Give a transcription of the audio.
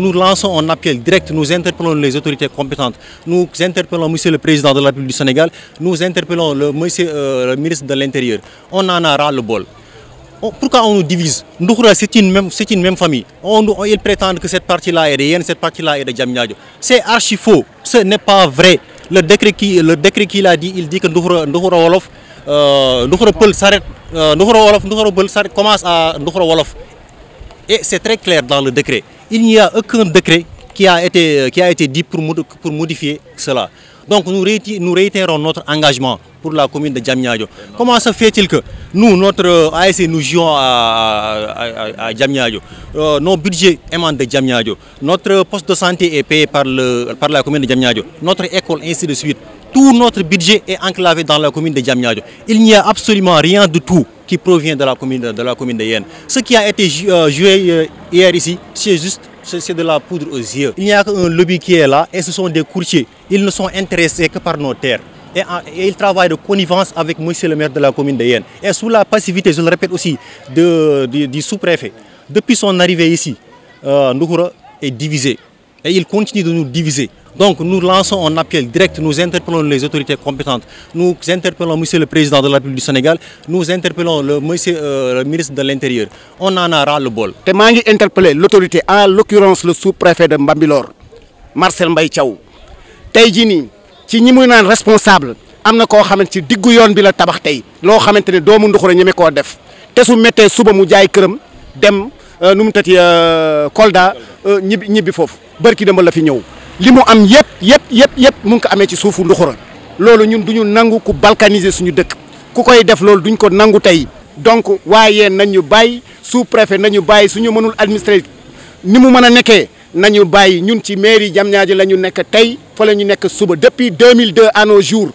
Nous lançons un appel direct, nous interpellons les autorités compétentes, nous interpellons M. le Président de la République du Sénégal, nous interpellons le, monsieur, euh, ministre de l'Intérieur. On en a ras le bol. pourquoi on nous divise c'est une, même, famille. On, ils prétendent que cette partie-là est Yen, cette partie-là est de Djamnyadjo. C'est archi faux, ce n'est pas vrai. Le décret qu'il a dit, il dit que nous Wolof, euh, euh Wolof, s'arrête, Wolof, commence à Wolof. Et c'est très clair dans le décret il n'y a aucun décret qui a été, euh, qui a été dit pour, pour modifier cela. Donc nous, réitérons, notre engagement pour la commune de Djamniadio. Comment se fait-il que nous, notre euh, ASC, nous jouons à, à, euh, Nos budgets émanent de Djamniadio. Notre poste de santé est payé par, le, par la commune de Djamniadio. Notre école, ainsi de suite. Tout notre budget est enclavé dans la commune de Djamniadio. Il n'y a absolument rien de tout qui provient de la commune de, la commune Yen. Ce qui a été euh, joué euh, hier ici, c'est juste c'est de la poudre aux yeux. Il n'y a qu'un lobby qui est là et ce sont des courtiers. Ils ne sont intéressés que par nos terres. Et, ils travaillent de connivence avec monsieur le maire de la commune de Yen. Et sous la passivité, je le répète aussi, du sous-préfet. Depuis son arrivée ici, euh, est divisé. Et il continue de nous diviser. Donc nous lançons un appel direct, nous interpellons les autorités compétentes, nous interpellons Monsieur le Président de la République du Sénégal, nous interpellons le, euh, le ministre de l'Intérieur. On en aura le bol. Je vais l'autorité, en l'occurrence le sous-préfet de Mbambilor, Marcel Mbaye Aujourd'hui, ci ñi responsable diggu yoon bi la tabax def su suba mu jaay dem euh, tati euh, la li mu am yëpp yëpp yëpp yëpp mu ngi ko amee ci suufu nduxuroon loolu ñun du ñu nangu ku balkaniser suñu dëkk ku koy def loolu duñ ko nangu tey donc waaye nañu bàyyi sous préfet nañu bàyyi suñu mënul administrer ni mu mën a nekkee nañu bàyyi ñun ci mairie Diamniadio la ñu nekk tey fa la ñu nekk suba depuis mille à nos jours